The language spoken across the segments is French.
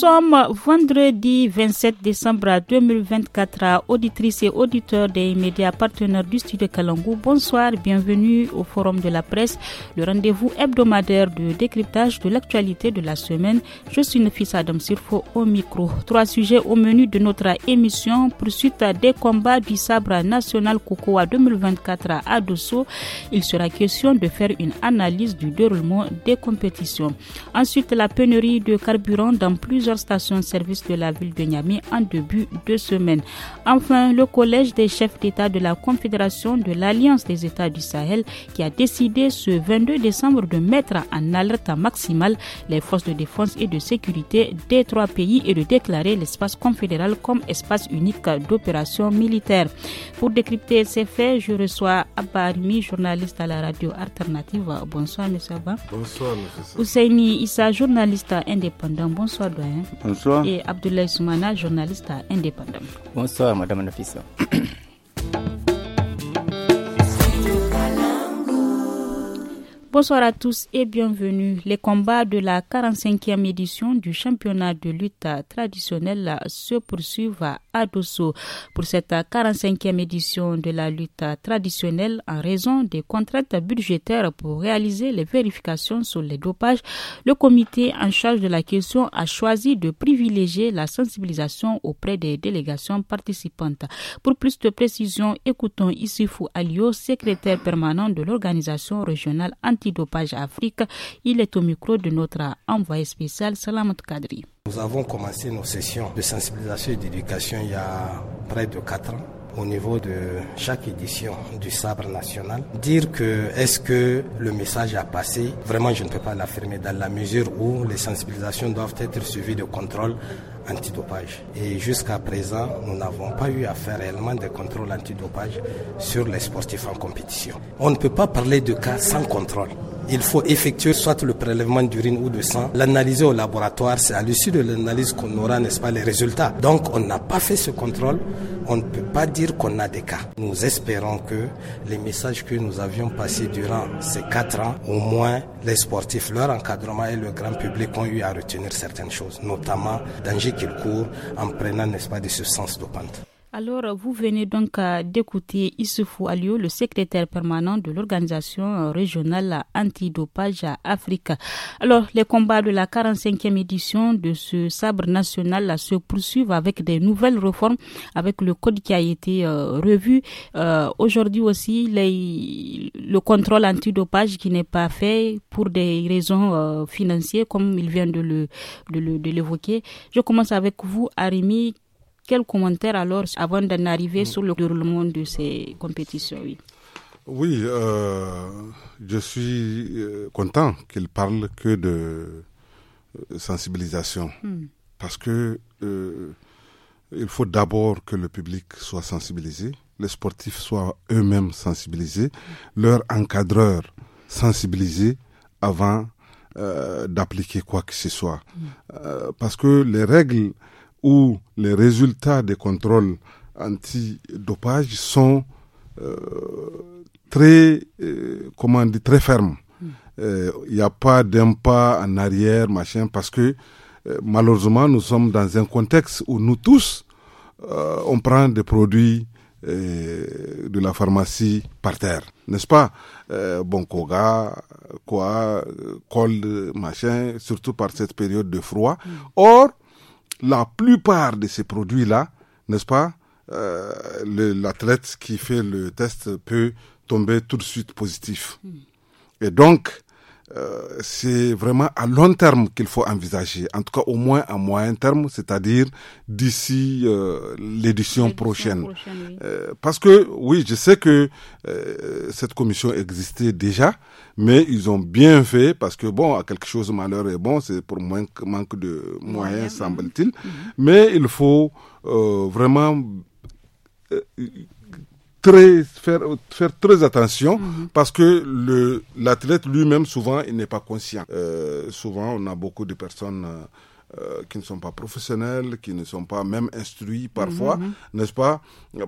sommes vendredi 27 décembre 2024. Auditrices et auditeurs des médias partenaires du studio Kalangou, bonsoir, bienvenue au Forum de la presse, le rendez-vous hebdomadaire de décryptage de l'actualité de la semaine. Je suis Nefis Adam Sirfo au micro. Trois sujets au menu de notre émission. Poursuite des combats du sabre national Cocoa 2024 à Dosso. Il sera question de faire une analyse du déroulement des compétitions. Ensuite, la pénurie de carburant dans plusieurs station service de la ville de Niamey en début de semaine. Enfin, le Collège des chefs d'État de la Confédération de l'Alliance des États du Sahel qui a décidé ce 22 décembre de mettre en alerte maximale les forces de défense et de sécurité des trois pays et de déclarer l'espace confédéral comme espace unique d'opération militaire. Pour décrypter ces faits, je reçois Abba Armi, journaliste à la radio alternative. Bonsoir, monsieur Abba. Bonsoir, monsieur. Ousseini Issa, journaliste indépendant. Bonsoir, doyen. Bonsoir. Et Abdoulaye Soumana, journaliste indépendant. Bonsoir, Madame Nafissa. Bonsoir à tous et bienvenue. Les combats de la 45e édition du championnat de lutte traditionnelle se poursuivent à Dosso. Pour cette 45e édition de la lutte traditionnelle, en raison des contraintes budgétaires pour réaliser les vérifications sur les dopages, le comité en charge de la question a choisi de privilégier la sensibilisation auprès des délégations participantes. Pour plus de précisions, écoutons Issifu Alio, secrétaire permanent de l'organisation régionale dopage Afrique. Il est au micro de notre envoyé spécial Salamat Kadri. Nous avons commencé nos sessions de sensibilisation et d'éducation il y a près de 4 ans au niveau de chaque édition du sabre national. Dire que est-ce que le message a passé, vraiment je ne peux pas l'affirmer dans la mesure où les sensibilisations doivent être suivies de contrôle antidopage. Et jusqu'à présent, nous n'avons pas eu à faire réellement de contrôle antidopage sur les sportifs en compétition. On ne peut pas parler de cas sans contrôle il faut effectuer soit le prélèvement d'urine ou de sang, l'analyser au laboratoire. C'est à l'issue de l'analyse qu'on aura, n'est-ce pas, les résultats. Donc, on n'a pas fait ce contrôle. On ne peut pas dire qu'on a des cas. Nous espérons que les messages que nous avions passés durant ces quatre ans, au moins les sportifs, leur encadrement et le grand public ont eu à retenir certaines choses, notamment danger qu'ils courent en prenant, n'est-ce pas, des substances dopantes. Alors, vous venez donc euh, d'écouter Issoufou Alio, le secrétaire permanent de l'organisation euh, régionale antidopage à Afrique. Alors, les combats de la 45e édition de ce sabre national se poursuivent avec des nouvelles réformes, avec le code qui a été euh, revu. Aujourd'hui aussi, les, le contrôle antidopage qui n'est pas fait pour des raisons financières, comme il vient de l'évoquer. Le, de Je commence avec vous, Arimi quel commentaire alors avant d'en arriver sur le déroulement de ces compétitions Oui, euh, je suis euh, content qu'il parle que de euh, sensibilisation. Hmm. Parce que il faut d'abord que le public soit sensibilisé, les sportifs soient eux-mêmes sensibilisés, leurs encadreurs sensibilisés avant d'appliquer quoi que ce soit. Hmm. parce que les règles où les résultats des contrôles antidopage sont euh, très, euh, comment dit, très fermes. Hmm. Euh, il n'y a pas d'un pas en arrière, machin, parce que euh, malheureusement, nous sommes dans un contexte où nous tous, on prend des produits de la pharmacie par terre, n'est-ce pas euh, Koga, quoi, cold, machin, surtout par cette période de froid. Hmm. Or, la plupart de ces produits-là, n'est-ce pas, euh, l'athlète qui fait le test peut tomber tout de suite positif. Hmm. Et donc, euh, c'est vraiment à long terme qu'il faut envisager, en tout cas au moins à moyen terme, c'est-à-dire d'ici euh, l'édition prochaine. Euh, parce que oui, je sais que cette commission existait déjà, mais ils ont bien fait parce que bon, à quelque chose malheur est bon, c'est pour moins manque de moyens, semble-t-il. Mhm. Mais il faut vraiment très faire faire très attention mhm. parce que le l'athlète lui-même souvent il n'est pas conscient. Euh, souvent on a beaucoup de personnes euh, euh, qui ne sont pas professionnels, qui ne sont pas même instruits parfois, mhm, mhm. n'est-ce pas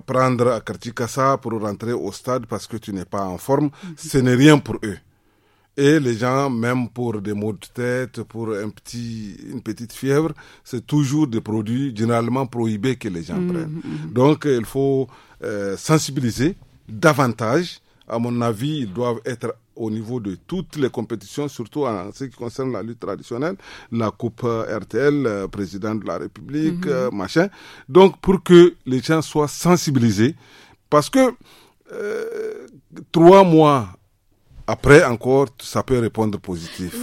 Prendre à ça pour rentrer au stade parce que tu n'es pas en forme, ce n'est rien pour eux. Et les gens, même pour des maux de tête, pour un petit, une petite fièvre, c'est toujours des produits généralement prohibés que les gens mhm, prennent. Mhm. Donc, euh, il faut euh, sensibiliser davantage. À mon avis, ils doivent être au niveau de toutes les compétitions, surtout en ce qui concerne la lutte traditionnelle, la Coupe euh, RTL, président de la République, mhm. machin. Donc, pour que les gens soient sensibilisés, parce que trois mois après encore, ça peut répondre positif.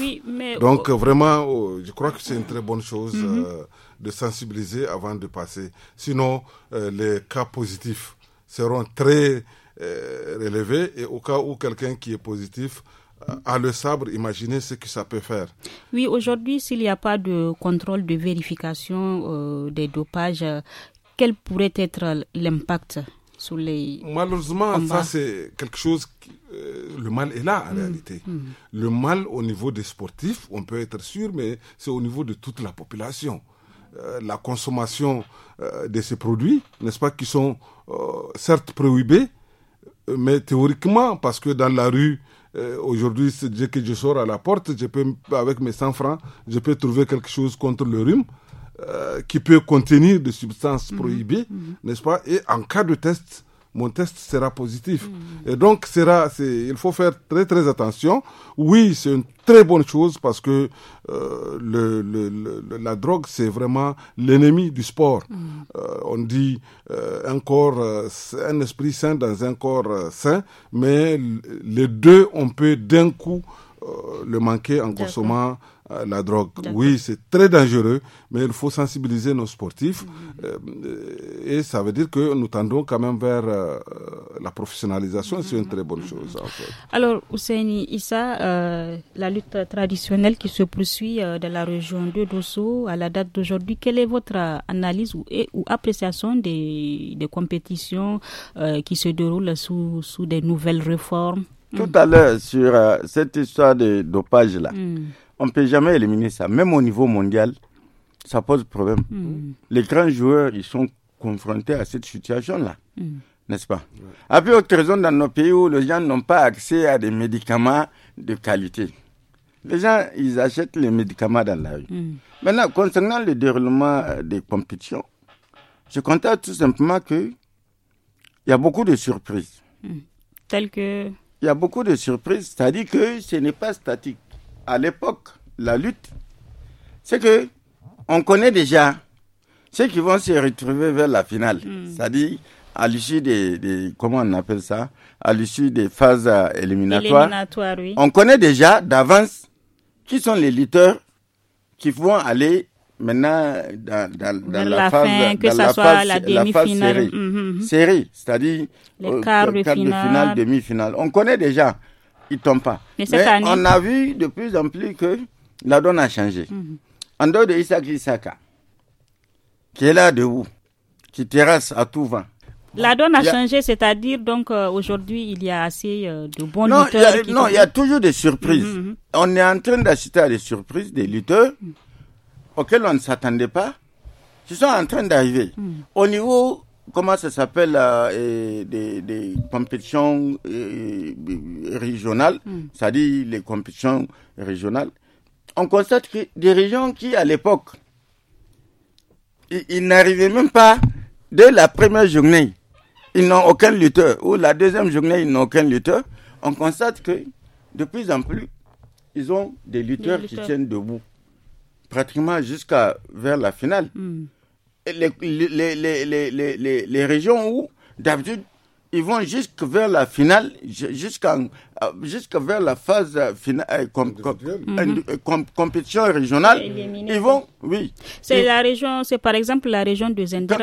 Donc vraiment, je crois que c'est une très bonne chose mhm. euh, de sensibiliser avant de passer. Sinon, euh, les cas positifs seront très euh, relevés et au cas où quelqu'un qui est positif a le sabre, imaginez ce que ça peut faire. Oui, aujourd'hui, s'il n'y a pas de contrôle de vérification des dopages, quel pourrait être l'impact Malheureusement, ça c'est quelque chose. Euh, le mal est là en mm. réalité. Mm. Le mal au niveau des sportifs, on peut être sûr, mais c'est au niveau de toute la population. Euh, la consommation euh, de ces produits, n'est-ce pas, qui sont certes prohibés, mais théoriquement, parce que dans la rue, aujourd'hui, dès que je sors à la porte, je peux, avec mes 100 francs, je peux trouver quelque chose contre le rhume. Euh, qui peut contenir des substances mhm. prohibées, mhm. n'est-ce pas Et en cas de test, mon test sera positif. Mhm. Et donc, il faut faire très très attention. Oui, c'est une très bonne chose parce que euh, la drogue, c'est vraiment l'ennemi du sport. Euh, on dit un corps, un esprit sain dans un corps sain, mais les deux, on peut d'un coup le manquer en consommant euh, la drogue. Oui, c'est très dangereux, mais il faut sensibiliser nos sportifs. Mhm. Euh, et ça veut dire que nous tendons quand même vers euh, la professionnalisation. C'est une très bonne chose. Alors, Ousseini Issa, la lutte traditionnelle qui se poursuit dans la région de Dosso à la date d'aujourd'hui, quelle est votre analyse ou, appréciation des, compétitions qui se déroulent sous, des nouvelles réformes tout à l'heure, sur cette histoire de dopage-là, mm on ne peut jamais éliminer ça. Même au niveau mondial, ça pose problème. Mm. Les grands joueurs, ils sont confrontés à cette situation-là. Mm. N'est-ce pas A Après, autre raison, dans nos pays où les gens n'ont pas accès à des médicaments de qualité. Les gens, ils achètent les médicaments dans la rue. Mm. Maintenant, concernant le déroulement euh, des compétitions, je constate tout simplement que il y a beaucoup de surprises. Telles que Il y a beaucoup de surprises, c'est-à-dire que ce n'est pas statique à l'époque la lutte, c'est que on connaît déjà ceux qui vont se retrouver vers la finale, hmm. c'est-à-dire à, l'issue des, comment on appelle ça, à l'issue des phases euh, éliminatoires. On connaît déjà d'avance qui sont les lutteurs qui vont aller maintenant dans, la, phase fin, que soit la demi-finale, série, mhm, mhm. c'est-à-dire les euh, quarts, quart de finale, demi-finale. On connaît déjà il ne tombe pas. Mais, année... on a vu de plus en plus que la donne a changé. Mhm. En dehors de Isaac Isaka, qui est là debout, qui terrasse à tout vent. La donne a, changé, c'est-à-dire donc euh, aujourd'hui il y a assez euh, de bons non, non, il y a toujours des surprises. Mhm, mhm. On est en train d'assister à des surprises, des lutteurs auxquels on ne s'attendait pas, qui sont en train d'arriver. Au niveau comment ça s'appelle, des, compétitions euh, régionales, hmm. c'est-à-dire les compétitions régionales, on constate que des régions qui, à l'époque, ils, n'arrivaient même pas, dès la première journée, ils n'ont aucun lutteur, ou la deuxième journée, ils n'ont aucun lutteur, on constate que de plus en plus, ils ont des lutteurs, qui tiennent debout, pratiquement jusqu'à vers la finale. Hmm les, les, les, les régions où, d'habitude, ils vont jusque vers la finale, jusqu'à euh, jusque vers la phase finale, euh, comme euh, mhm. compétition régionale. Ils vont, oui. C'est la région, c'est par exemple la région de Zender,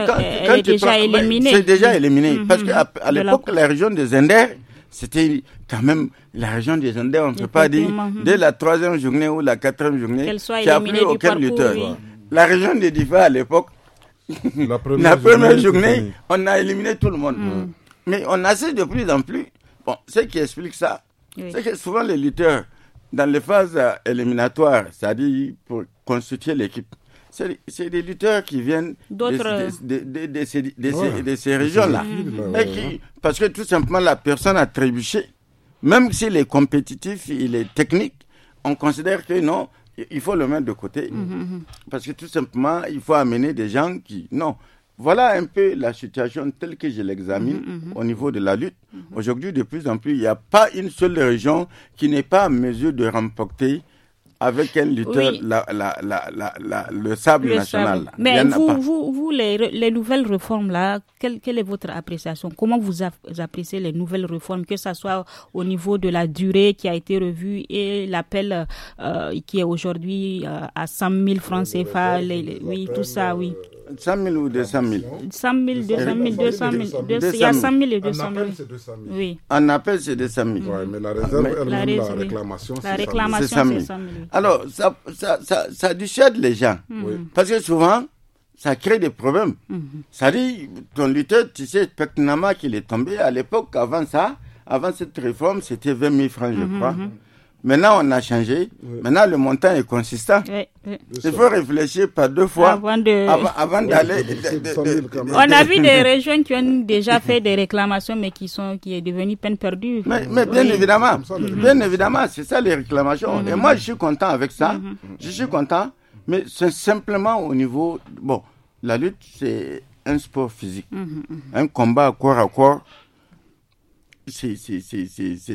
elle est, déjà éliminée. C'est déjà éliminé mhm. parce qu'à à, l'époque, la... région de Zender, c'était quand même la région de Zender, on ne peut pas dire, dès mhm. la troisième journée ou la quatrième journée, qui a plus aucun lutteur. La région de Diva à l'époque, la première, journée, on a éliminé tout le monde. Mm. Mais on assiste de plus en plus. Bon, ce qui explique ça, c'est que souvent les lutteurs, dans les phases euh, éliminatoires, c'est-à-dire pour constituer l'équipe, c'est des lutteurs qui viennent de, ces, régions-là. Parce que tout simplement, la personne a trébuché. Même s'il est compétitif, il est technique, on considère que non, il faut le mettre de côté. Mhm, mhm. Parce que tout simplement, il faut amener des gens qui... Non, voilà un peu la situation telle que je l'examine mhm, au niveau de la lutte. Aujourd'hui, de plus en plus, il n'y a pas une seule région qui n'est pas en mesure de remporter avec un lutteur la, la, la, le sable national. Mais vous, vous, vous, les, les, nouvelles réformes, là, quelle, quelle est votre appréciation Comment vous, appréciez les nouvelles réformes, que ce soit au niveau de la durée qui a été revue et l'appel euh, qui est aujourd'hui euh, à 100 000 francs CFA, oui, tout ça, oui. Euh, 100 000 ou 200 000 100 000, 200 000, 200 000. Il y a 100 000 et 200 000. En appel, c'est 200 000. Oui. En appel, c'est 200 000. mais la réserve, elle la, la réclamation, c'est 100, 000. Alors, ça, ça, ça, dissuade les gens. Hmm. Parce que souvent, ça crée des problèmes. Hmm. Ça dit, ton lutteur, tu sais, pertinemment qu'il est tombé à l'époque, avant ça, avant cette réforme, c'était 20 000 francs, je hmm, crois. Maintenant, on a changé. Maintenant, le montant est consistant. Il faut réfléchir par deux fois avant d'aller. on a vu des régions qui ont déjà fait des réclamations, mais qui sont qui est devenu peine perdue. Mais, bien évidemment, bien évidemment, c'est ça les réclamations. Mm-hmm. Et moi, je suis content avec ça. Mm-hmm. Je suis content, mais c'est simplement au niveau. Bon, la lutte, c'est un sport physique, mm-hmm, un combat corps à corps c'est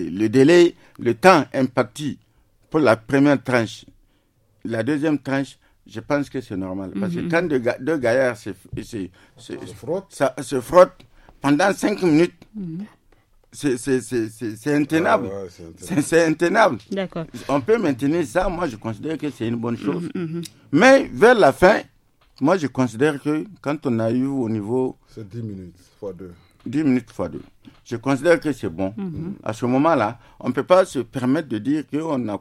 le délai, le temps imparti pour la première tranche. La deuxième tranche, je pense que c'est normal. Parce que mhm. quand deux, gaillards se, se, ça, se, frottent pendant cinq minutes, mhm. ah c'est intenable. c'est intenable. On peut maintenir ça, moi je considère que c'est une bonne mhm, chose. Mais vers la fin, moi je considère que quand on a eu au niveau... C'est 10 minutes, fois 2. 10 minutes fois 2. Je considère que c'est bon. Mhm. À ce moment-là, on ne peut pas se permettre de dire Qu'ils a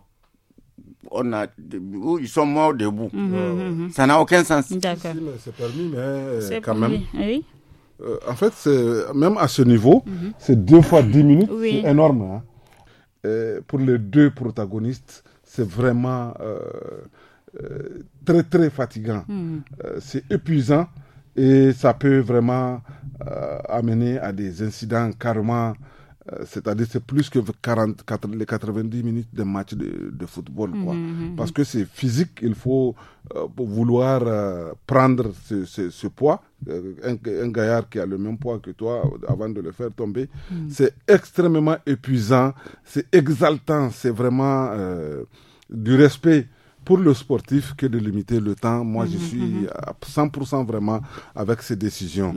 on a, ils sont morts debout. Mhm, mhm, ah. Ça n'a aucun sens. c'est permis, mais euh, quand même. Euh, en fait, même à ce niveau, c'est deux fois dix minutes, c'est énorme. Hein. Euh, pour les deux protagonistes, c'est vraiment très très fatigant. c'est épuisant et ça peut vraiment euh, amener à des incidents carrément euh, c'est-à-dire c'est plus que les 90 minutes d'un match de, football. Quoi. Mmh, mmh, mmh. Parce que c'est physique, il faut euh, vouloir prendre ce, poids. un, gaillard qui a le même poids que toi, avant de le faire tomber, c'est extrêmement épuisant, c'est exaltant, c'est vraiment du respect pour le sportif que de limiter le temps. Moi, je mhm, suis mhm. à 100% vraiment avec ces décisions.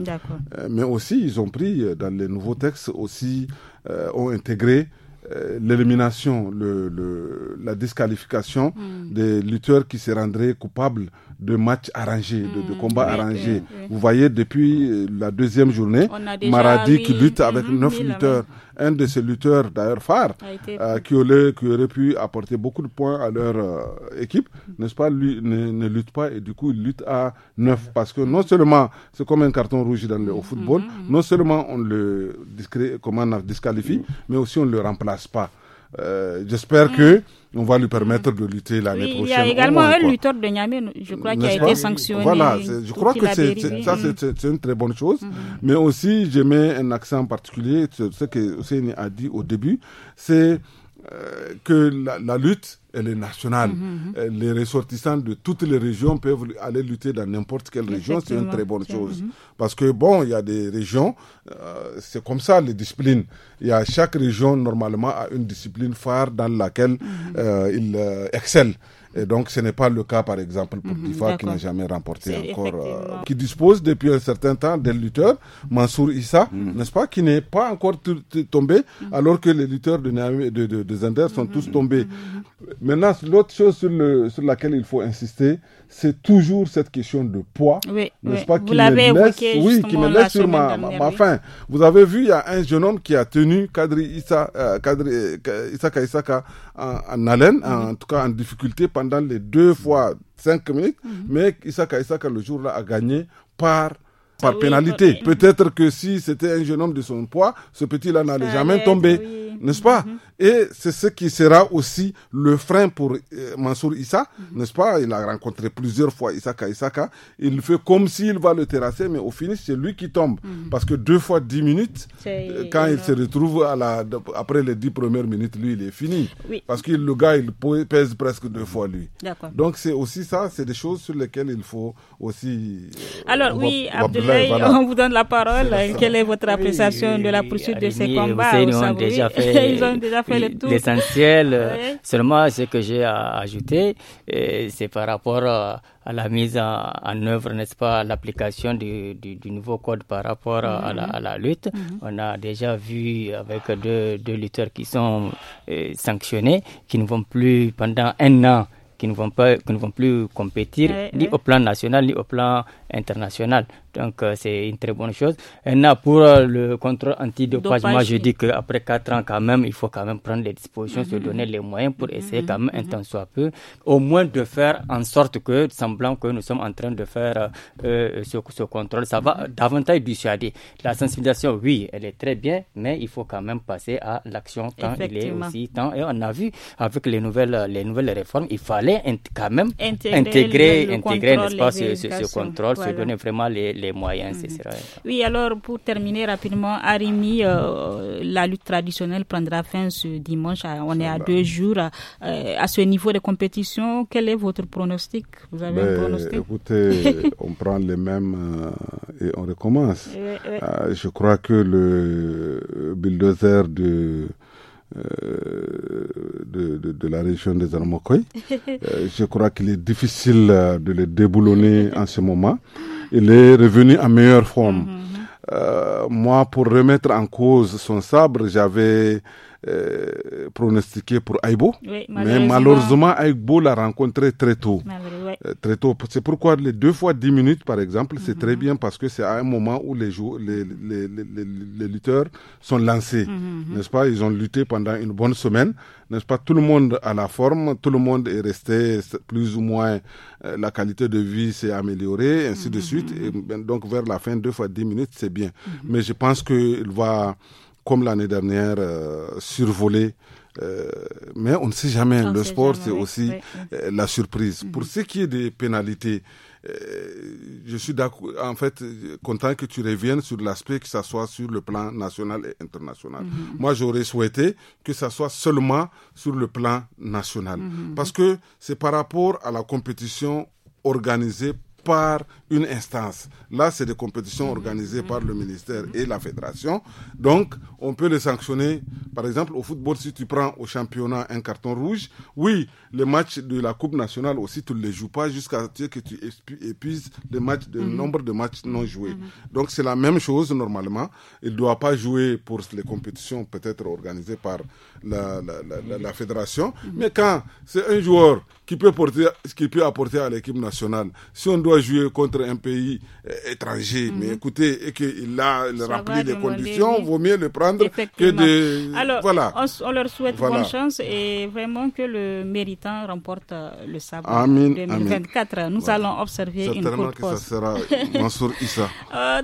Euh, mais aussi, ils ont pris euh, dans les nouveaux textes aussi euh, ont intégré l'élimination, le, la disqualification mhm. des lutteurs qui se rendraient coupables de matchs arrangés, de, combats arrangés. Vous voyez, depuis la deuxième journée, Maradi qui lutte avec neuf lutteurs un de ces lutteurs d'ailleurs phares euh, qui, aurait, qui, aurait, pu apporter beaucoup de points à leur euh, équipe, n'est-ce pas, lui ne, lutte pas et du coup il lutte à neuf parce que non seulement c'est comme un carton rouge dans le, au mm, football, mm, mm. non seulement on le comment on disqualifie, mais aussi on ne le remplace pas. Euh, j'espère que on va lui permettre de lutter l'année oui, prochaine. Il y a également un lutteur de Niamey, je crois, qui a été sanctionné. Voilà, je crois que c'est, ça, c'est, une très bonne chose. Mm-hmm. Mais aussi, je mets un accent particulier, sur ce que Hussein a dit au début, c'est euh, que la lutte, elle est nationale. Mhm, mhm. Euh, les ressortissants de toutes les régions peuvent aller lutter dans n'importe quelle région, c'est une très bonne chose. Mhm. Parce que bon, il y a des régions, euh, c'est comme ça les disciplines. Il y a chaque région normalement a une discipline phare dans laquelle euh, il excelle. Et donc, ce n'est pas le cas, par exemple, pour Tifa, mhm. qui n'a jamais remporté encore, euh, qui dispose depuis un certain temps d'un lutteur, Mansour Issa, mhm. n'est-ce pas, qui n'est pas encore tombé, mhm. alors que les lutteurs de, de, de, de Zender sont tous tombés. Maintenant, l'autre chose sur, laquelle il faut insister, c'est toujours cette question de poids, n'est-ce pas, Vous qui me laisse, oui, qui me laisse sur ma, ma, faim. Vous avez vu, il y a un jeune homme qui a tenu Kadri Issa, euh, Kadri, euh, Issa Kaisaka en, en haleine, en, tout cas en difficulté dans les deux fois cinq minutes, mais mais Isaka Isaka le jour-là a gagné par par ah pénalité. Peut-être que si c'était un jeune homme de son poids, ce petit-là n'allait jamais tomber, n'est-ce pas mhm. Et c'est ce qui sera aussi le frein pour euh, Mansour Issa, mhm. n'est-ce pas Il a rencontré plusieurs fois Isaka Isaka. Il fait comme s'il va le terrasser, mais au final c'est lui qui tombe. Mhm. Parce que deux fois dix minutes, euh, quand il se retrouve à la, après les dix premières minutes, lui, il est fini. Parce que le gars, il pèse presque deux fois lui. Donc c'est aussi ça, c'est des choses sur lesquelles il faut aussi... Euh, Alors oui, Abdoulaye, on vous donne la parole. Quelle est votre appréciation de la poursuite de ces combats Ils ont déjà fait L'essentiel, euh, seulement ce que j'ai à ajouter, c'est par rapport euh, à, la mise en, œuvre, n'est-ce pas, l'application du, nouveau code par rapport euh, mhm. à, la, lutte. Mhm. On a déjà vu avec deux, lutteurs qui sont sanctionnés, qui ne vont plus pendant un an qui ne vont pas qui ne vont plus compétir ni au plan national ni au plan international. Donc, euh, c'est une très bonne chose. pour euh, le contrôle antidopage, moi, je dis qu'après 4 ans, quand même, il faut quand même prendre les dispositions, se mm-hmm. donner les moyens pour mm-hmm. essayer quand même, un mm-hmm. temps soit peu, au moins de faire en sorte que, semblant que nous sommes en train de faire euh, ce, ce, contrôle, ça va davantage dissuader. La sensibilisation, oui, elle est très bien, mais il faut quand même passer à l'action quand il est aussi temps. Et on a vu, avec les nouvelles, les nouvelles réformes, il fallait quand même intégrer, intégrer, n'est-ce contrôle, se donner vraiment les les moyens, c'est mm. Oui, alors pour terminer rapidement, Arimi, euh, la lutte traditionnelle prendra fin ce dimanche. Ah, on est à deux jours. Euh, à ce niveau de compétition, quel est votre pronostic Vous avez un ben, pronostic Écoutez, on prend les mêmes euh, et on recommence. Ah, je crois que le bulldozer de... de, la région des Armokoy. je crois qu'il est difficile de le déboulonner en ce moment. il est revenu en meilleure forme. Mhm, mhm. Euh, moi, pour remettre en cause son sabre, j'avais euh, pronostiqué pour Aibo. Mais malheureusement, Aibo l'a rencontré très tôt. Euh, très tôt. C'est pourquoi les deux fois dix minutes, par exemple, c'est très mhm. bien parce que c'est à un moment où les, les, les, les lutteurs sont lancés, mhm, mhm. n'est-ce pas Ils ont lutté pendant une bonne semaine, n'est-ce pas Tout le monde a la forme, tout le monde est resté plus ou moins, euh, la qualité de vie s'est améliorée, ainsi de suite. Et, ben, donc vers la fin, deux fois dix minutes, c'est bien. Mais je pense qu'il va, comme l'année dernière, euh, survoler euh, mais on ne sait jamais. le sport, c'est aussi euh, la surprise. Mm-hmm. Pour ce qui est des pénalités, euh, je suis d'accord, en fait, content que tu reviennes sur l'aspect que ça soit sur le plan national et international. Mm-hmm. Moi, j'aurais souhaité que ça soit seulement sur le plan national. Mm-hmm. Parce que c'est par rapport à la compétition organisée par une instance. Là, c'est des compétitions organisées par le ministère et la fédération. Donc, on peut les sanctionner. Par exemple, au football, si tu prends au championnat un carton rouge, oui, les matchs de la Coupe nationale aussi, tu ne les joues pas jusqu'à ce que tu épuises le matchs, de, mhm. nombre de matchs non joués. Mhm. Donc, c'est la même chose normalement. Il ne doit pas jouer pour les compétitions peut-être organisées par la, la, la, fédération. Mhm. Mais quand c'est un joueur qui peut, porter, qui peut apporter à l'équipe nationale, si on doit jouer contre un pays euh, étranger. Mhm. Mais écoutez, et qu'il a rempli les conditions, vaut mieux le prendre que de. Alors, voilà. on, leur souhaite bonne chance et vraiment que le méritant remporte euh, le sabre 2024. Nous allons observer une courte pause. ça Mansour Issa. Euh,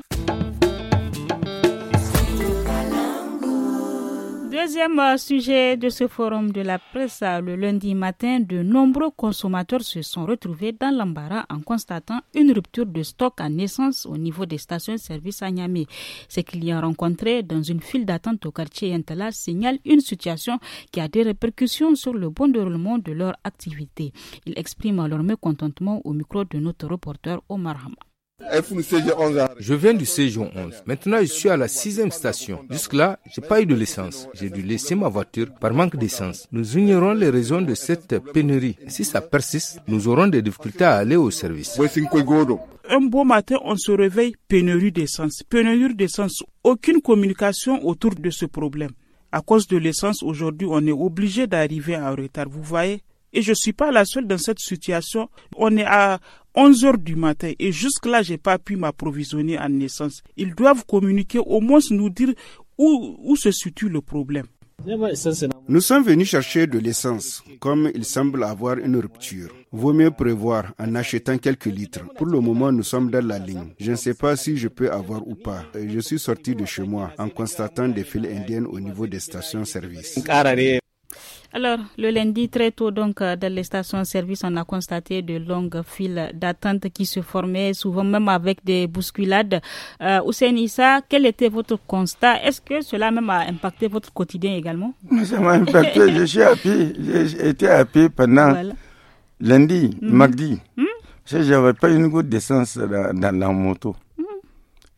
Deuxième sujet de ce forum de la presse, le lundi matin, de nombreux consommateurs se sont retrouvés dans l'embarras en constatant une rupture de stock à naissance au niveau des stations-service à Niamey. Ces clients rencontré dans une file d'attente au quartier Intala signale une situation qui a des répercussions sur le bon déroulement de leur activité. Ils expriment leur mécontentement au micro de notre reporter Omar Hamad. Je viens du Séjour 11. Maintenant, je suis à la sixième station. Jusque-là, j'ai pas eu de l'essence. J'ai dû laisser ma voiture par manque d'essence. Nous ignorons les raisons de cette pénurie. Si ça persiste, nous aurons des difficultés à aller au service. Un beau matin, on se réveille, pénurie d'essence. Pénurie d'essence. Aucune communication autour de ce problème. À cause de l'essence, aujourd'hui, on est obligé d'arriver en retard. Vous voyez, et je ne suis pas la seule dans cette situation. On est à 11h du matin et jusque-là, j'ai pas pu m'approvisionner en essence. Ils doivent communiquer, au moins nous dire où, où se situe le problème. Nous sommes venus chercher de l'essence, comme il semble avoir une rupture. Vaut mieux prévoir en achetant quelques litres. Pour le moment, nous sommes dans la ligne. Je ne sais pas si je peux avoir ou pas. Je suis sorti de chez moi en constatant des files indiennes au niveau des stations-service. Alors, le lundi, très tôt, donc, euh, dans les stations-service, on a constaté de longues files d'attente qui se formaient, souvent même avec des bousculades. Euh, Hussein Issa, quel était votre constat Est-ce que cela même a impacté votre quotidien également Ça m'a impacté. je suis à pied. J'ai pendant lundi, mhm. mardi. Mhm. Je n'avais pas une goutte d'essence dans, la moto. Mhm.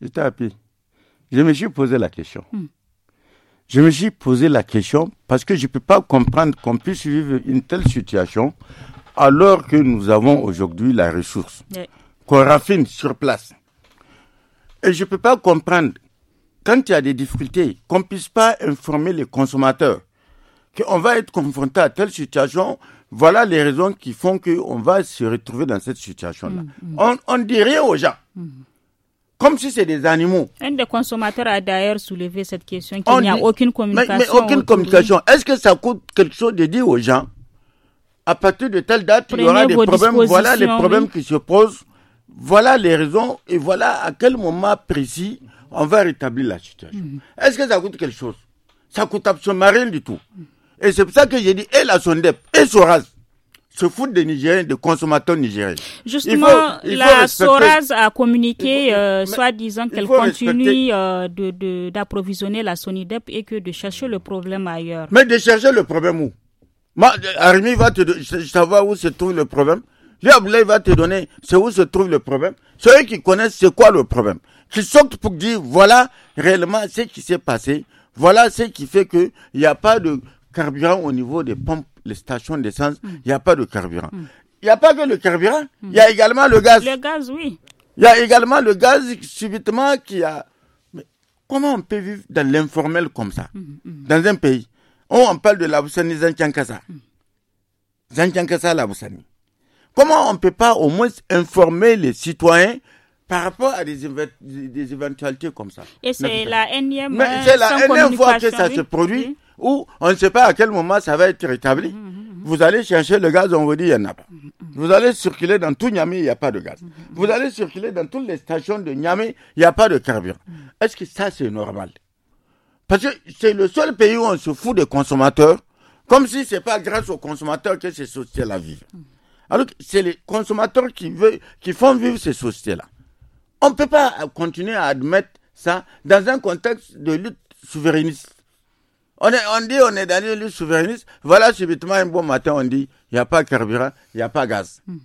J'étais à pied. Je me suis posé la question. Je me suis posé la question parce que je ne peux pas comprendre qu'on puisse vivre une telle situation alors que nous avons aujourd'hui la ressource qu'on raffine sur place. Et je ne peux pas comprendre quand il y a des difficultés qu'on ne puisse pas informer les consommateurs qu'on va être confronté à telle situation. Voilà les raisons qui font qu'on va se retrouver dans cette situation-là. Mm, mm. On ne dit rien aux gens. Mm comme si c'est des animaux. Un des consommateurs a d'ailleurs soulevé cette question qu'il n'y a aucune communication. aucune communication. Est-ce que ça coûte quelque chose de dire aux gens, à partir de telle date, il y aura des problèmes, voilà les problèmes qui se posent, voilà les raisons et voilà à quel moment précis on va rétablir la situation. Hmm. Est-ce que ça coûte quelque chose Ça coûte absolument rien du tout. Et c'est pour ça que j'ai dit, et la SONDEP, et SORAS, se foutent des Nigériens, des consommateurs nigériens. Justement, la Soraz a communiqué, euh, soi-disant qu'elle continue euh, d'approvisionner la Sonidep et que de chercher le problème ailleurs. Mais de chercher le problème où Moi, va te savoir où se trouve le problème. Lui, va te donner c'est où se trouve le problème. Ceux qui connaissent c'est quoi le problème. Qui sortent pour dire voilà réellement ce qui s'est passé. Voilà ce qui fait qu'il n'y a pas de carburant au niveau des pompes les stations d'essence, hmm. il n'y a pas de carburant. Hmm. Il n'y a pas que le carburant, hmm. il y a également le gaz. Le gaz, oui. Il y a également le gaz subitement qui a... comment on peut vivre dans l'informel comme ça, dans un pays On parle de la Boussani Zankiankasa. Zankiankasa, la Boussani. Comment on ne peut pas au moins informer les citoyens par rapport à des, éventualités comme ça. Et c'est la énième euh, la fois que ça se produit, où on ne sait pas à quel moment ça va être rétabli. Hum, hum, hum. Vous allez chercher le gaz, on vous dit il n'y en a pas. Vous allez circuler dans tout Niamey, il n'y a pas de gaz. Vous allez circuler dans toutes les stations de Niamey, il n'y a pas de carburant. Est-ce que ça c'est normal Parce que c'est le seul pays où on se fout des consommateurs, comme si ce n'est pas grâce aux consommateurs que ces sociétés la vivent. Alors c'est les consommateurs qui, veulent, qui font vivre ces sociétés-là. On ne peut pas continuer à admettre ça dans un contexte de lutte souverainiste. On, on dit on est dans une lutte souverainiste. Voilà, subitement, un bon matin, on dit il n'y a pas carburant, il n'y hmm. a pas gaz. Il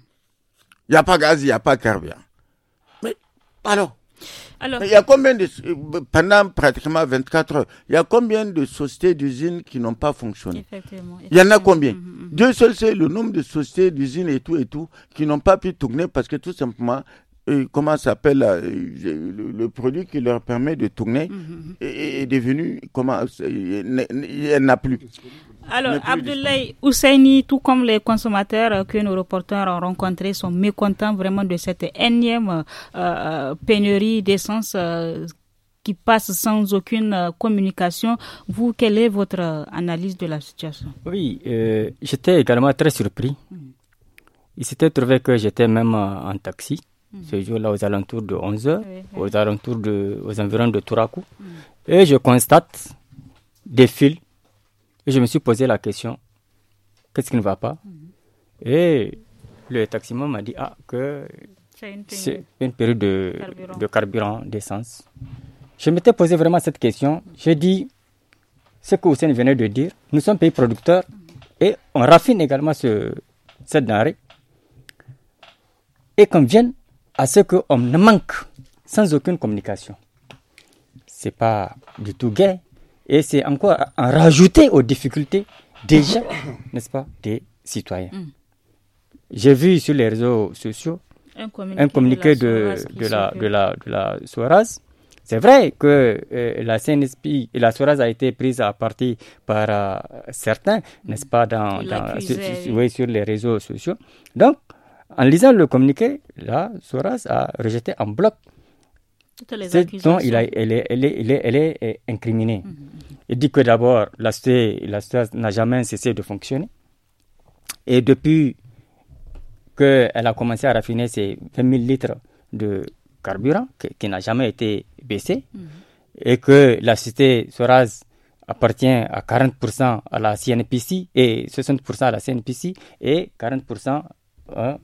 n'y a pas gaz, il n'y a pas carburant. Mais alors, il y a combien de, pendant pratiquement 24 heures, il y a combien de sociétés d'usines qui n'ont pas fonctionné effectivement, Il y en a combien Deux hmm, hmm, Dieu seul sait le nombre de sociétés d'usines et tout et tout qui n'ont pas pu tourner parce que tout simplement euh, comment s'appelle euh, le, produit qui leur permet de tourner mhm, mhm. est, devenu, comment, euh, elle n'a plus. Alors, Abdoulaye Ousseini, tout comme les consommateurs que nos reporters ont rencontrés, sont mécontents vraiment de cette énième pénurie d'essence qui passe sans aucune communication. Vous, quelle est votre analyse de la situation Oui, j'étais également très surpris. Mhm. Il s'était trouvé que j'étais même en taxi. Mhm. ce jour-là aux alentours de 11h, aux alentours de, aux environs de Turaku. Mhm. Et je constate des fils. Et je me suis posé la question, qu'est-ce qui ne va pas mhm. Et le taximan m'a dit, ah, que c'est une, période, de carburant, d'essence. Je m'étais posé vraiment cette question. J'ai dit, ce que Hussein venait de dire, nous sommes pays producteurs et on raffine également ce, cette denrée. Et qu'on vienne à ce qu'on ne manque sans aucune communication. C'est pas du tout gay et c'est encore en rajouter aux difficultés déjà, n'est-ce pas, des citoyens. Mm. J'ai vu sur les réseaux sociaux un communiqué, de, la, de, la, C'est vrai que euh, la CNSP et la a été prise à partie par euh, certains, n'est-ce pas, dans, sur les réseaux sociaux. Donc, en lisant le communiqué, la Souras a rejeté en bloc c'est dont il, elle est, elle Il dit que d'abord, la société, n'a jamais cessé de fonctionner. Et depuis qu'elle a commencé à raffiner ses 20 000 litres de carburant, qui n'a jamais été baissé, mmh. et que la société Soraz appartient à 40% à la CNPC et 60% à la CNPC et 40% Hein,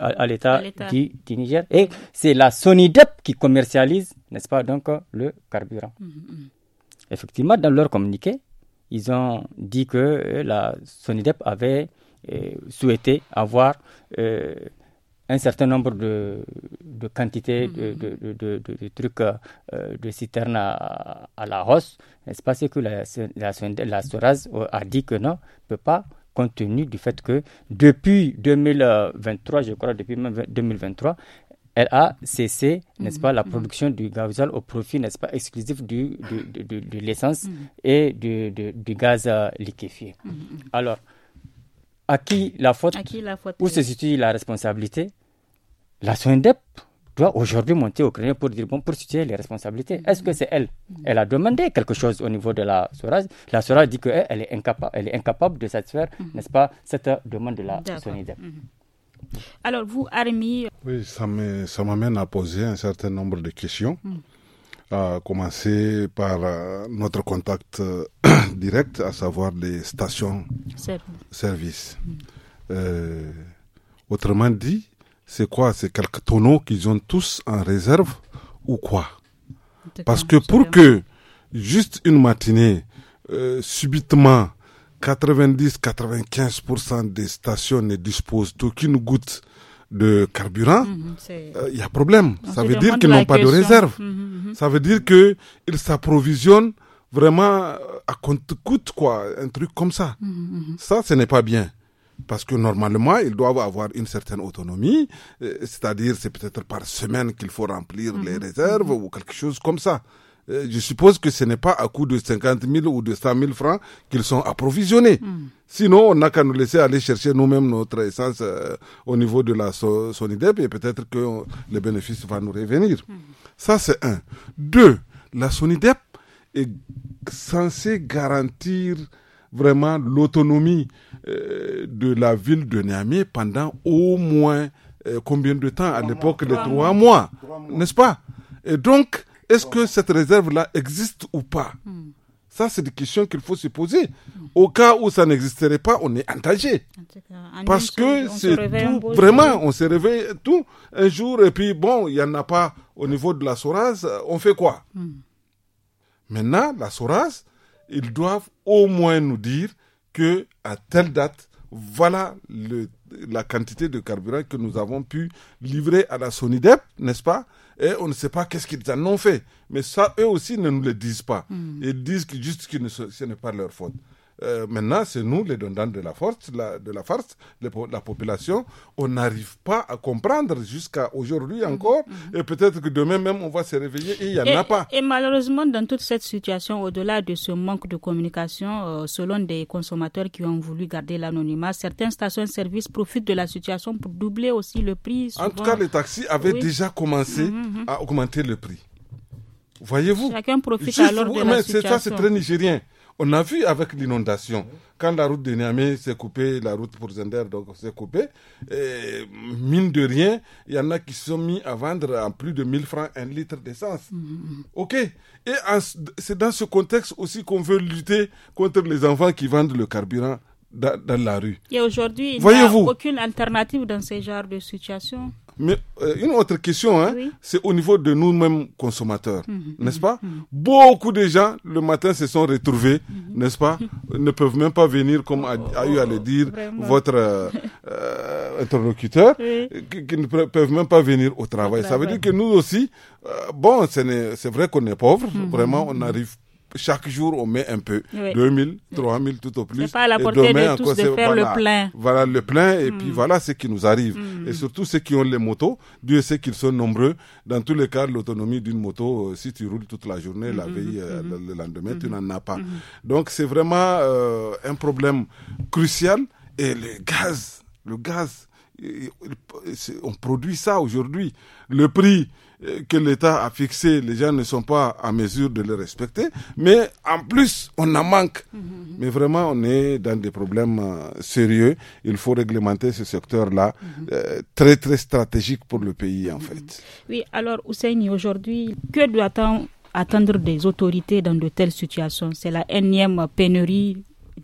à, l'État du, Niger. Et c'est la SONIDEP qui commercialise, n'est-ce pas, donc le carburant. Mhm, mhm. Effectivement, dans leur communiqué, ils ont dit que euh, la SONIDEP avait euh, souhaité avoir euh, un certain nombre de, quantités mhm, de, de, de, trucs, de citernes à, la hausse. N'est-ce pas que la, la, a dit que non, ne peut pas compte tenu du fait que depuis 2023, je crois, depuis 2023, elle a cessé, n'est-ce mhm. pas, la mhm. production du gazole au profit, n'est-ce pas, exclusif du, de, de l'essence mhm. et du, gaz liquéfié. Alors, à qui la faute, à qui la faute Où se situe la responsabilité La SOINDEP aujourd'hui monter au créneau pour dire, bon, pour situer les responsabilités. Est-ce que c'est elle Elle a demandé quelque chose au niveau de la SORAS. La SORAS dit qu'elle elle est, incapable, elle est incapable de satisfaire, mhm. n'est-ce pas, cette demande de la SONIDEP. Mhm. Alors, vous, Armi. Oui, ça m'amène à poser un certain nombre de questions. Mhm. À commencer par euh, notre contact euh, direct, à savoir les stations-service. Euh, autrement dit, c'est quoi C'est quelques tonneaux qu'ils ont tous en réserve ou quoi Parce que pour que juste une matinée, euh, subitement, 90-95% des stations ne disposent d'aucune goutte de carburant, mhm, euh, il y a problème. ça veut dire qu'ils n'ont pas de réserve. Mhm, mhm. Ça veut dire qu'ils s'approvisionnent vraiment euh, à compte-coûte, quoi, un truc comme ça. Ça, ce n'est pas bien parce que normalement, ils doivent avoir une certaine autonomie, euh, c'est peut-être par semaine qu'il faut remplir les mhm. réserves mhm. ou quelque chose comme ça. Euh, je suppose que ce n'est pas à coût de 50 000 ou de 100 000 francs qu'ils sont approvisionnés. Mhm. Sinon, on n'a qu'à nous laisser aller chercher nous-mêmes notre essence euh, au niveau de la so SONIDEP et peut-être que les bénéfices vont nous revenir. Ça, c'est un. Deux, la SONIDEP est censée garantir vraiment l'autonomie euh, de la ville de Niamey pendant au moins euh, combien de temps à l'époque Les trois mois, n'est-ce pas Et donc, est-ce que cette réserve-là existe ou pas hmm. Ça, c'est des questions qu'il faut se poser. Au cas où ça n'existerait pas, on est entagé. Parce que c'est vraiment, on se réveille tout un jour, et puis bon, il n'y en a pas au niveau de la SORAS, on fait quoi hmm. Maintenant, la SORAS, ils doivent au moins nous dire que à telle date, voilà le, la quantité de carburant que nous avons pu livrer à la Sonidep, n'est-ce pas Et on ne sait pas qu'est-ce qu'ils en ont fait. Mais ça, eux aussi ne nous le disent pas. Hmm. Ils disent que juste que ce n'est pas leur faute. Euh, maintenant, c'est nous les donnants de la force, de la farce, la population. On n'arrive pas à comprendre jusqu'à aujourd'hui mhm, encore. Mhm. Et peut-être que demain même, on va se réveiller et il n'y en a pas. Et malheureusement, dans toute cette situation, au-delà de ce manque de communication, euh, selon des consommateurs qui ont voulu garder l'anonymat, certaines stations-service profitent de la situation pour doubler aussi le prix. En tout cas, les taxis avaient déjà commencé mhm, à augmenter le prix. Voyez-vous Chacun profite Ça, c'est très nigérien. On a vu avec l'inondation, quand la route de Niamey s'est coupée, la route pour Zender s'est coupée, et mine de rien, il y en a qui sont mis à vendre en plus de 1000 francs un litre d'essence. Mm-hmm. Ok. Et c'est dans ce contexte aussi qu'on veut lutter contre les enfants qui vendent le carburant dans, dans la rue. Et aujourd'hui, il n'y a aucune alternative dans ce genre de situation. Mais euh, une autre question, hein, c'est au niveau de nous-mêmes consommateurs, hum, hum, n'est-ce hum, pas Beaucoup de gens, le matin, se sont retrouvés, n'est-ce pas Ne peuvent même pas venir, comme a, eu à le dire votre euh, euh, interlocuteur, qui, ne peuvent même pas venir au travail. Ça veut dire que nous aussi, bon, c'est vrai qu'on est pauvre, vraiment, on n'arrive pas chaque jour, on met un peu. 2000, 3000, tout au plus. Pas à la portée de tous de faire le plein. Voilà le plein, et puis voilà ce qui nous arrive. Et surtout ceux qui ont les motos, Dieu sait qu'ils sont nombreux. Dans tous les cas, l'autonomie d'une moto, si tu roules toute la journée, la veille, le lendemain, tu n'en as pas. Donc c'est vraiment un problème crucial. Et le gaz, le gaz, on produit ça aujourd'hui. Le prix, euh, que l'État a fixé, les gens ne sont pas en mesure de les respecter. Mais en plus, on en manque. Mmh, mmh, mmh. Mais vraiment, on est dans des problèmes euh, sérieux. Il faut réglementer ce secteur-là, euh, très très stratégique pour le pays en fait. Oui, alors Ousseini, aujourd'hui, que doit-on attendre des autorités dans de telles situations C'est la énième pénurie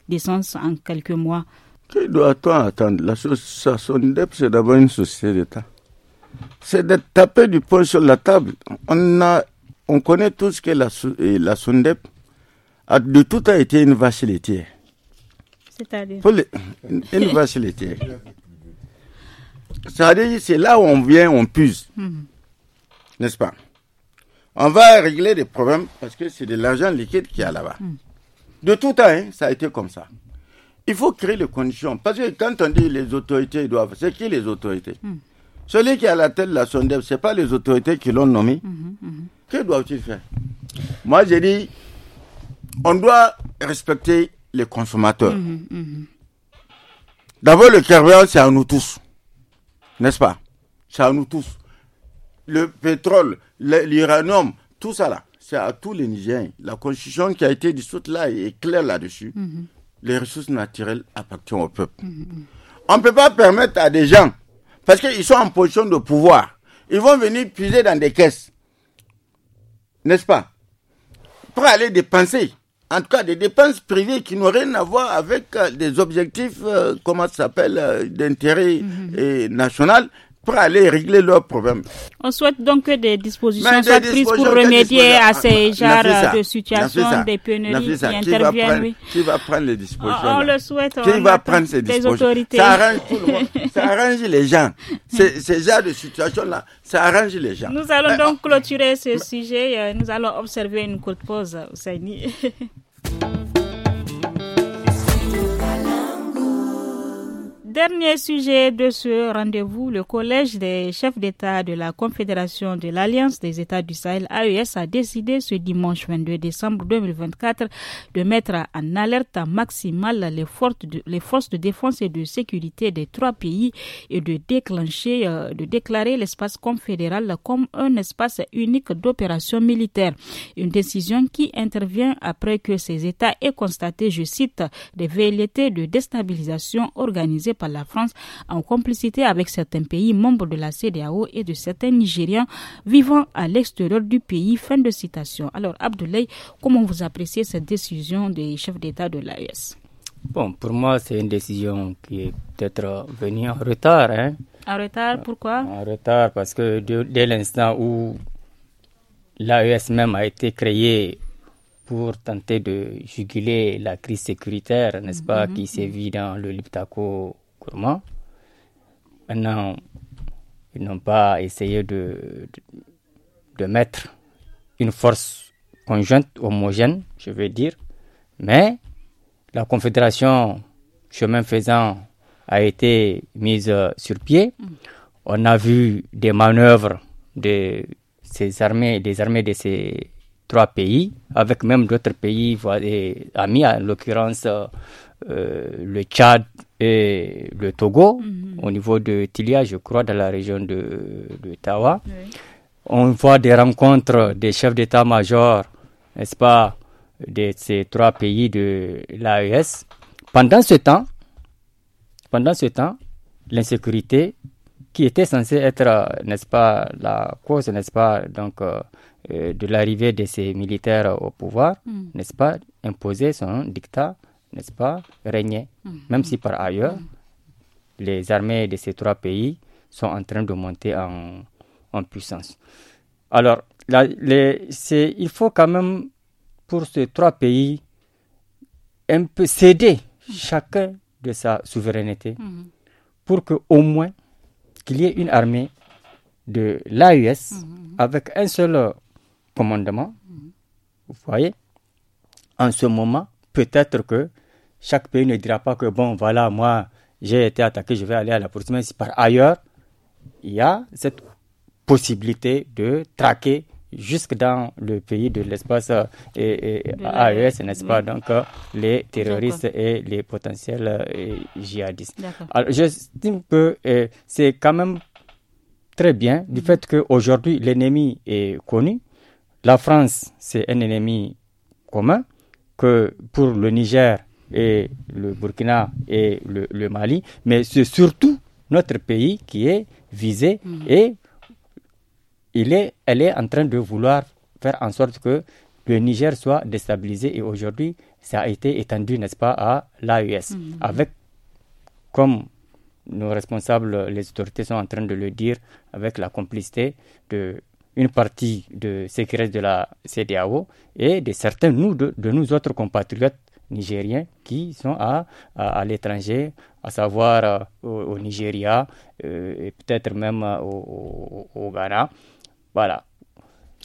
d'essence en quelques mois. Que doit-on attendre La société, c'est d'abord une société d'État c'est de taper du poing sur la table. On, a, on connaît tous que la, la Sundep a de tout a été une vache C'est-à-dire une, une, C'est-à-dire c'est là où on vient, on puise. Mhm. N'est-ce pas On va régler des problèmes parce que c'est de l'argent liquide qu'il y a là-bas. Mhm. De tout temps, ça a été comme ça. Il faut créer les conditions. Parce que quand on dit les autorités doivent, c'est qui les autorités mhm. Celui qui a la tête de la Sondeb, ce n'est pas les autorités qui l'ont nommé. Mhm, mhm. Que doit-il faire Moi, j'ai dit, on doit respecter les consommateurs. Mhm, D'abord, le carburant, c'est à nous tous. N'est-ce pas C'est à nous tous. Le pétrole, l'uranium, tout ça là, c'est à tous les Nigériens. La constitution qui a été dissoute là est claire là-dessus. Les ressources naturelles appartiennent au peuple. On ne peut pas permettre à des gens parce qu'ils sont en position de pouvoir. Ils vont venir puiser dans des caisses. N'est-ce pas Pour aller dépenser. En tout cas, des dépenses privées qui n'ont rien à voir avec euh, des objectifs, euh, comment ça s'appelle, euh, d'intérêt mhm. national pour aller régler leurs problèmes. On souhaite donc que des dispositions soient prises pour remédier à ces genres de situations des pénuries qui interviennent. Qui va prendre les dispositions ah, On, le souhaite. Qui va prendre ces dispositions autorités. Ça arrange tout le monde. ça arrange les gens. Ces genres de situations-là, ça arrange les gens. Nous allons donc clôturer ce sujet. Euh, nous allons observer une courte pause, au Ousseini. Dernier sujet de ce rendez-vous, le Collège des chefs d'État de la Confédération de l'Alliance des États du Sahel, AES, a décidé ce dimanche 22 décembre 2024 de mettre en alerte maximale les forces de, défense et de sécurité des trois pays et de déclencher, euh, de déclarer l'espace confédéral comme un espace unique d'opération militaire. Une décision qui intervient après que ces États aient constaté, je cite, des velléités de déstabilisation organisées par la France en complicité avec certains pays membres de la CDAO et de certains Nigériens vivant à l'extérieur du pays. Fin de citation. Alors, Abdoulaye, comment vous appréciez cette décision des chefs d'État de l'AES Bon, pour moi, c'est une décision qui est peut-être venue en retard. Hein. En retard, pourquoi En retard, parce que dès l'instant où l'AES même a été créée pour tenter de juguler la crise sécuritaire, n'est-ce pas, mhm, qui qui mhm. dans le Liptako Maintenant, ils n'ont pas essayé de, de, mettre une force conjointe, homogène, je veux dire. Mais la Confédération Chemin Faisant a été mise euh, sur pied. Mm. On a vu des manœuvres de ces armées, des armées de ces trois pays, avec même d'autres pays amis, en l'occurrence euh, euh, le Tchad, et le Togo, mhm. au niveau de Tilia, je crois, dans la région de, Tawa. On voit des rencontres des chefs d'état-major, n'est-ce pas, de ces trois pays de l'AES. Pendant ce temps, pendant ce temps, l'insécurité, qui était censée être, n'est-ce pas, la cause, n'est-ce pas, donc, euh, euh, de l'arrivée de ces militaires au pouvoir, mm. n'est-ce pas, imposer son dictat n'est-ce pas, régner, mm-hmm. même si par ailleurs, les armées de ces trois pays sont en train de monter en, puissance. Alors, il faut quand même, pour ces trois pays, un peu céder mm-hmm. chacun de sa souveraineté mm-hmm. pour que au moins qu'il y ait une armée de l'AUS avec un seul euh, commandement. Vous voyez, en ce moment, peut-être que chaque pays ne dira pas que, bon, voilà, moi, j'ai été attaqué, je vais aller à la police. Mais si par ailleurs, il y a cette possibilité de traquer jusque dans le pays de l'espace euh, AES, n'est-ce pas, donc euh, les terroristes et les potentiels euh, jihadistes. Alors, j'estime que c'est quand même très bien du mm-hmm. fait fait qu'aujourd'hui, l'ennemi est connu. La France, c'est un ennemi commun que pour le Niger et le Burkina et le, Mali, mais c'est surtout notre pays qui est visé mm. et il est, elle est en train de vouloir faire en sorte que le Niger soit déstabilisé et aujourd'hui ça a été étendu, n'est-ce pas, à l'AES. Mm. Avec, comme nos responsables, les autorités sont en train de le dire, avec la complicité de une partie de sécurité de la CDAO et de certains nous, de, nos autres compatriotes nigériens qui sont à, à, l'étranger, à savoir euh, au, Nigeria euh, et peut-être même euh, au, Ghana. Voilà.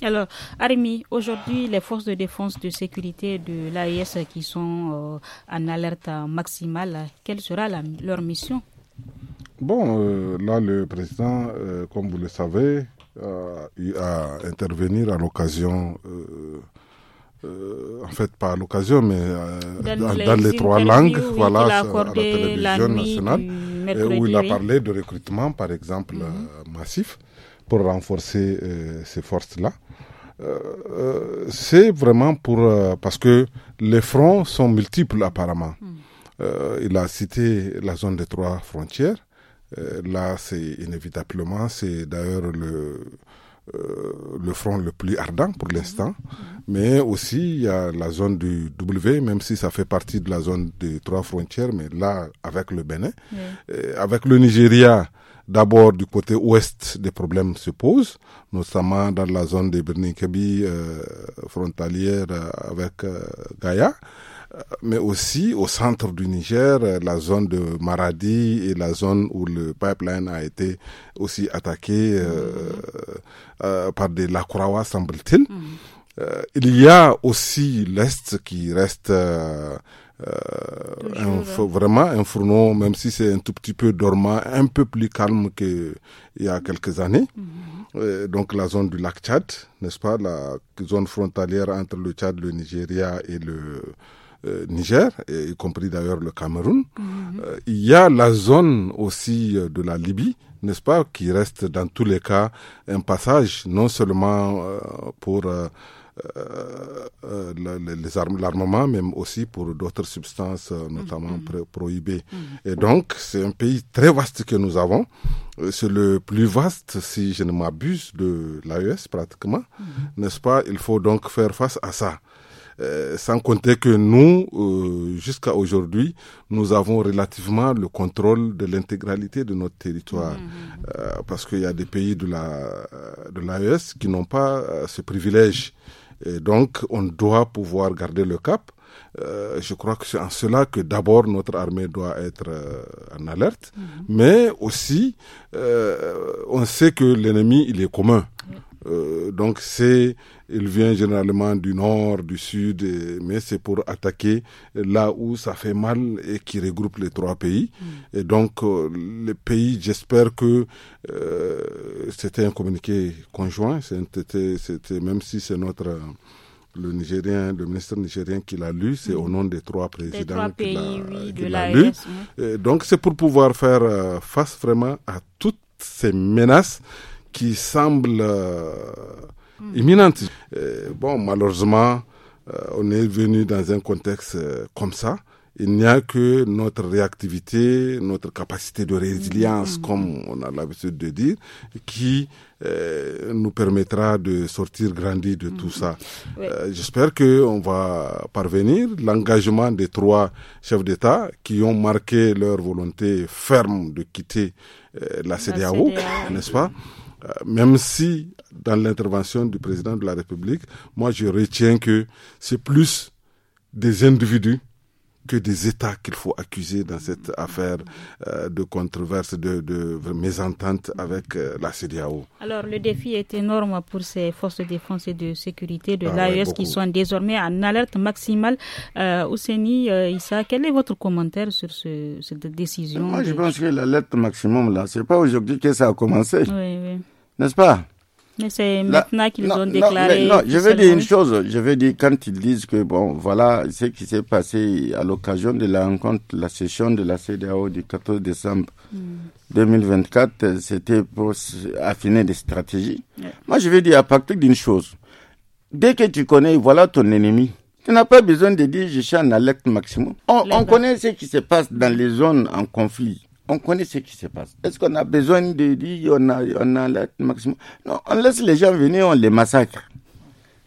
Alors, Arimi, aujourd'hui, les forces de défense de sécurité de l'AES qui sont en alerte maximale, quelle sera leur mission Bon, là, le président, comme vous le savez, a à intervenir à l'occasion. Euh, euh, en fait pas à l'occasion mais euh, dans, les, trois langues voilà à la télévision nationale où il a parlé de recrutement par exemple mhm. massif pour renforcer ces forces là c'est vraiment pour parce que les fronts sont multiples apparemment mhm. il a cité la zone des trois frontières euh, là, c'est inévitablement, c'est d'ailleurs euh, le, front le plus ardent pour l'instant. Mais aussi, il y a la zone du W, même si ça fait partie de la zone des trois frontières, mais là, avec le Bénin, euh, avec le Nigeria, d'abord du côté ouest, des problèmes se posent, notamment dans la zone des Birninkebi frontalière avec Gaïa mais aussi au centre du Niger, euh, la zone de Maradi et la zone où le pipeline a été aussi attaqué euh, euh, par des Lakourawa semble-t-il. Mhm. Euh, il y a aussi l'Est qui reste... Euh, euh hein. vraiment un fourneau, même si c'est un tout petit peu dormant, un peu plus calme qu'il y a quelques années. Mhm. donc la zone du lac Tchad, n'est-ce pas, la zone frontalière entre le Tchad, le Nigeria et le euh, Niger, y compris d'ailleurs le Cameroun. Euh, il y a la zone aussi euh, de la Libye, n'est-ce pas, qui reste dans tous les cas un passage, non seulement pour... Euh, euh, l'armement, mais aussi pour d'autres substances, notamment mm-hmm. prohibées. Mm-hmm. Et donc, c'est un pays très vaste que nous avons. C'est le plus vaste, si je ne m'abuse, de l'AES pratiquement. Mm-hmm. N'est-ce pas Il faut donc faire face à ça. Euh, sans compter que nous, euh, jusqu'à aujourd'hui, nous avons relativement le contrôle de l'intégralité de notre territoire. Mmh. Euh, parce qu'il y a des pays de la de l'AES qui n'ont pas ce privilège. Et donc, on doit pouvoir garder le cap. je crois que c'est en cela que d'abord notre armée doit être en alerte, mmh. mais aussi on sait que l'ennemi il est commun. donc c'est il vient généralement du nord, du sud, mais c'est pour attaquer là où ça fait mal et qui regroupe les trois pays. Mm. Et donc, euh, les pays, j'espère que euh, c'était un communiqué conjoint, c'était même si c'est notre le Nigérien, le ministre nigérien qui l'a lu, c'est au mm. nom des trois présidents pays, qui l'a lu. donc c'est pour pouvoir faire euh, face vraiment à toutes ces menaces qui semblent Mm. imminente. Euh, bon, malheureusement, euh, on est venu dans un contexte euh, comme ça. Il n'y a que notre réactivité, notre capacité de résilience, mm. comme on a l'habitude de dire, qui nous permettra de sortir grandi de tout ça. Mm-hmm. J'espère qu'on va parvenir. L'engagement des trois chefs d'État qui ont marqué leur volonté ferme de quitter la CDAO. n'est-ce pas euh, même si dans l'intervention du président de la République, moi je retiens que c'est plus des individus que des États qu'il faut accuser dans cette affaire euh, de controverse, de, de, mésentente avec euh, la CDAO. Alors le défi est énorme pour ces forces de défense et de sécurité de ah l'AES qui sont désormais en alerte maximale. Euh, Ouseni Issa, quel est votre commentaire sur cette décision Moi, je pense que l'alerte maximum, là, c'est pas aujourd'hui que ça a commencé. N'est-ce pas mais c'est maintenant qu'ils ont déclaré. Non, je veux dire une chose. Je veux dire quand ils disent que, bon, voilà ce qui s'est passé à l'occasion de la rencontre, la session de la CDAO du 14 décembre 2024, hmm. c'était pour affiner des stratégies. Moi, je vais dire à partir d'une chose. Dès que tu connais, voilà ton ennemi. Tu n'as pas besoin de dire je suis en alerte maximum. on connaît ce qui se passe dans les zones en conflit on connaît ce qui se passe. Est-ce qu'on a besoin de dire on a, on a maximum Non, on laisse les gens venir, on les massacre.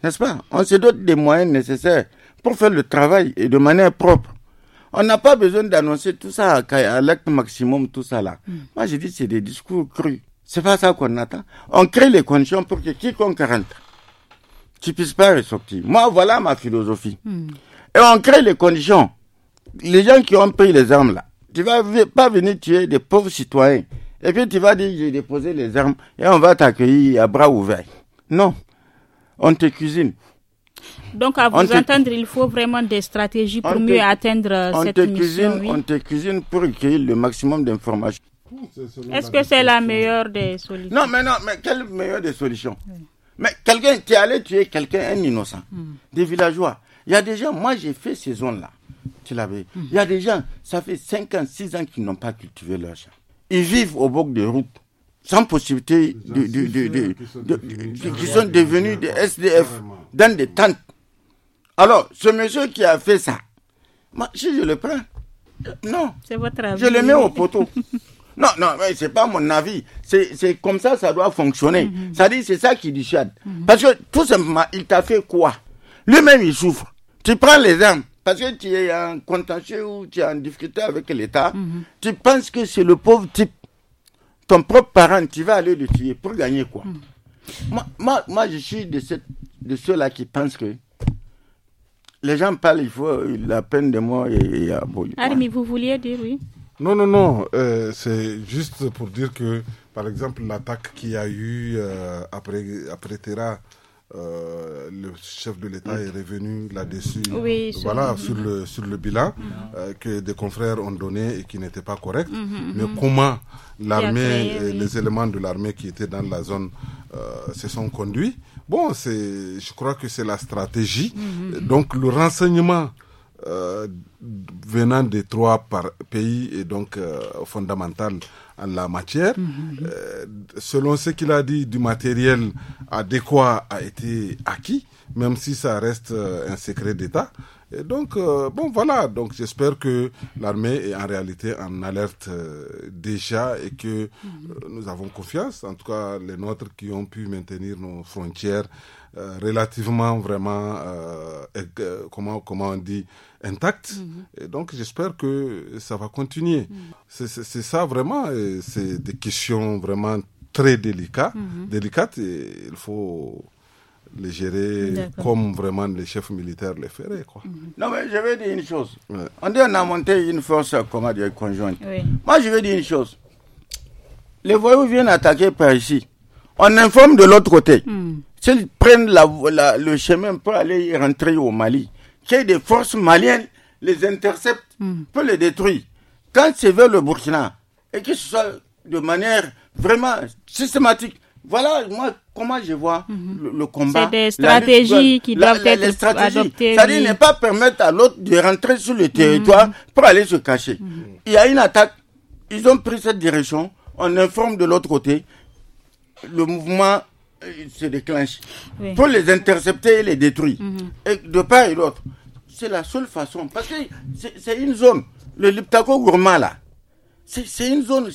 N'est-ce pas On se dote des moyens nécessaires pour faire le travail et de manière propre. On n'a pas besoin d'annoncer tout ça à, l'acte maximum, tout ça là. Hmm. Moi, je dis c'est des discours crus. C'est pas ça qu'on attend. On crée les conditions pour que quiconque rentre, qui puisses pas ressortir. Moi, voilà ma philosophie. Hmm. Et on crée les conditions. Les gens qui ont pris les armes là, tu vas pas venir tuer des pauvres citoyens. Et puis tu vas dire, j'ai déposé les armes et on va t'accueillir à bras ouverts. Non. On te cuisine. Donc, à vous entendre, il faut vraiment des stratégies pour mieux atteindre on cette On te cuisine pour recueillir le maximum d'informations. Est-ce que c'est la meilleure des solutions Non, mais non, mais quelle meilleure des solutions Mais quelqu'un qui allé tuer quelqu'un, un innocent, hmm. des villageois. Il y a des gens, moi j'ai fait ces zones-là. Hmm. Il y a des gens, ça fait 5 ans, 6 ans qu'ils n'ont pas cultivé leur champ. Ils vivent au bord de route, sans possibilité de, de, qui sont devenus des SDF, dans des tentes. Alors, ce monsieur qui a fait ça, si je le prends, euh, non, je le mets au poteau. Non, non, mais n'est pas mon avis. C'est comme ça, ça doit fonctionner. Mhm. Ça dit, c'est ça qui dit mhm. Parce que tout simplement, il t'a fait quoi Lui-même, il souffre. Tu prends les armes, parce que tu es en contentieux ou tu es en difficulté avec l'État, mhm. tu penses que c'est le pauvre type, ton propre parent, tu vas aller le tuer pour gagner quoi mhm. moi, je suis de, ceux-là qui pensent que les gens parlent, il faut la peine de mort. Et, et bon, ah, mais vous vouliez dire oui Non, non, non. Euh, c'est juste pour dire que, par exemple, l'attaque qu'il y a eu euh, après, après Terra, euh, le chef de l'État mm. est revenu là-dessus, euh, sur voilà, le mm-hmm. sur le, sur le bilan euh, que des confrères ont donné et qui n'était pas correct. Mm-hmm, mm-hmm. Mais comment l'armée, les éléments de l'armée qui étaient dans la zone se sont conduits Bon, c'est, je crois que c'est la stratégie. Donc le renseignement venant des trois par pays est donc fondamental en la matière. Mhm, mhm. Euh, selon ce qu'il a dit, du matériel adéquat a été acquis, même si ça reste euh, un secret d'État donc, euh, bon, voilà. Donc, j'espère que l'armée est en réalité en alerte euh, déjà et que euh, nous avons confiance, en tout cas, les nôtres qui ont pu maintenir nos frontières relativement vraiment, comment, comment on dit, intactes. Mhm. Et donc, j'espère que ça va continuer. Mhm. C'est ça vraiment. C'est des questions vraiment très délicates, mhm. délicates et il faut les gérer comme vraiment les chefs militaires les feraient. Quoi. Mhm. Non, mais je vais dire une chose. On dit qu'on a monté une force conjointe. Moi, je vais dire une chose. Les voyous viennent attaquer par ici. On informe de l'autre côté. Hmm. S'ils prennent la, le chemin pour aller rentrer au Mali, qu'il y ait des forces maliennes les interceptent, hmm. peut les détruire. Quand c'est vers le Burkina, et que ce soit de manière vraiment systématique, voilà, moi, comment je vois mhm. le, combat. C'est des stratégies qui doivent être adoptées. C'est-à-dire ne pas permettre à l'autre de rentrer sur le mhm. territoire pour aller se cacher. Mhm. Il y a une attaque, ils ont pris cette direction, on informe de l'autre côté, le mouvement euh, se déclenche. Il Pour les intercepter et les détruire. Et de part et d'autre. C'est la seule façon. Parce que c'est une zone. Le Liptako gourmand, là, c'est une zone,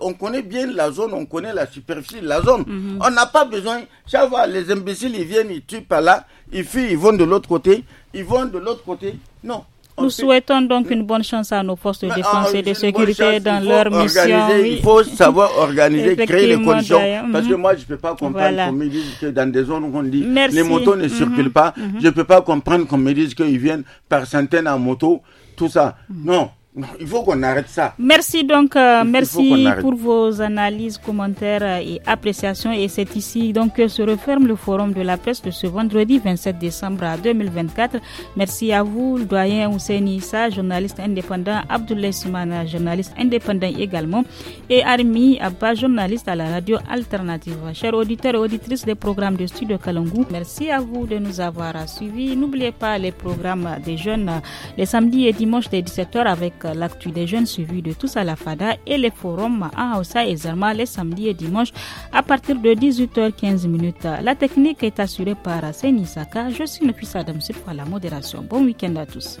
on connaît bien la zone, on connaît la superficie de la zone. Mhm. On n'a pas besoin, Ça les imbéciles, ils viennent, ils tuent par là, ils fuient, ils vont de l'autre côté, ils vont de l'autre côté. Non. Nous souhaitons donc une bonne chance à nos forces de défense ah, et de sécurité dans leur mission. Il faut savoir organiser, créer les conditions. Parce que mhm. moi, je ne peux pas comprendre qu'on me dise que dans des zones où on dit les motos ne mhm. circulent pas, je ne peux pas comprendre qu'on me dise qu'ils viennent par centaines en moto, tout ça. Non il faut qu'on arrête ça. Merci donc, euh, merci pour vos analyses, commentaires euh, et appréciations. Et c'est ici donc que se referme le forum de la presse de ce vendredi 27 décembre 2024. Merci à vous, doyen Hussein Issa, journaliste indépendant, Abdoulaye Soumana, journaliste indépendant également, et Armi Abba, journaliste à la radio alternative. Chers auditeurs et auditrices des programmes de Studio Kalangou, merci à vous de nous avoir suivis. N'oubliez pas les programmes des jeunes les samedis et dimanches des 17h avec euh, l'actu des jeunes suivis de tous à la FADA et les forums à Hausa et Zarma les samedis et dimanches à partir de 18h15. La technique est assurée par Seni Saka. Je suis Nafisa Adam pour la modération. Bon week-end à tous.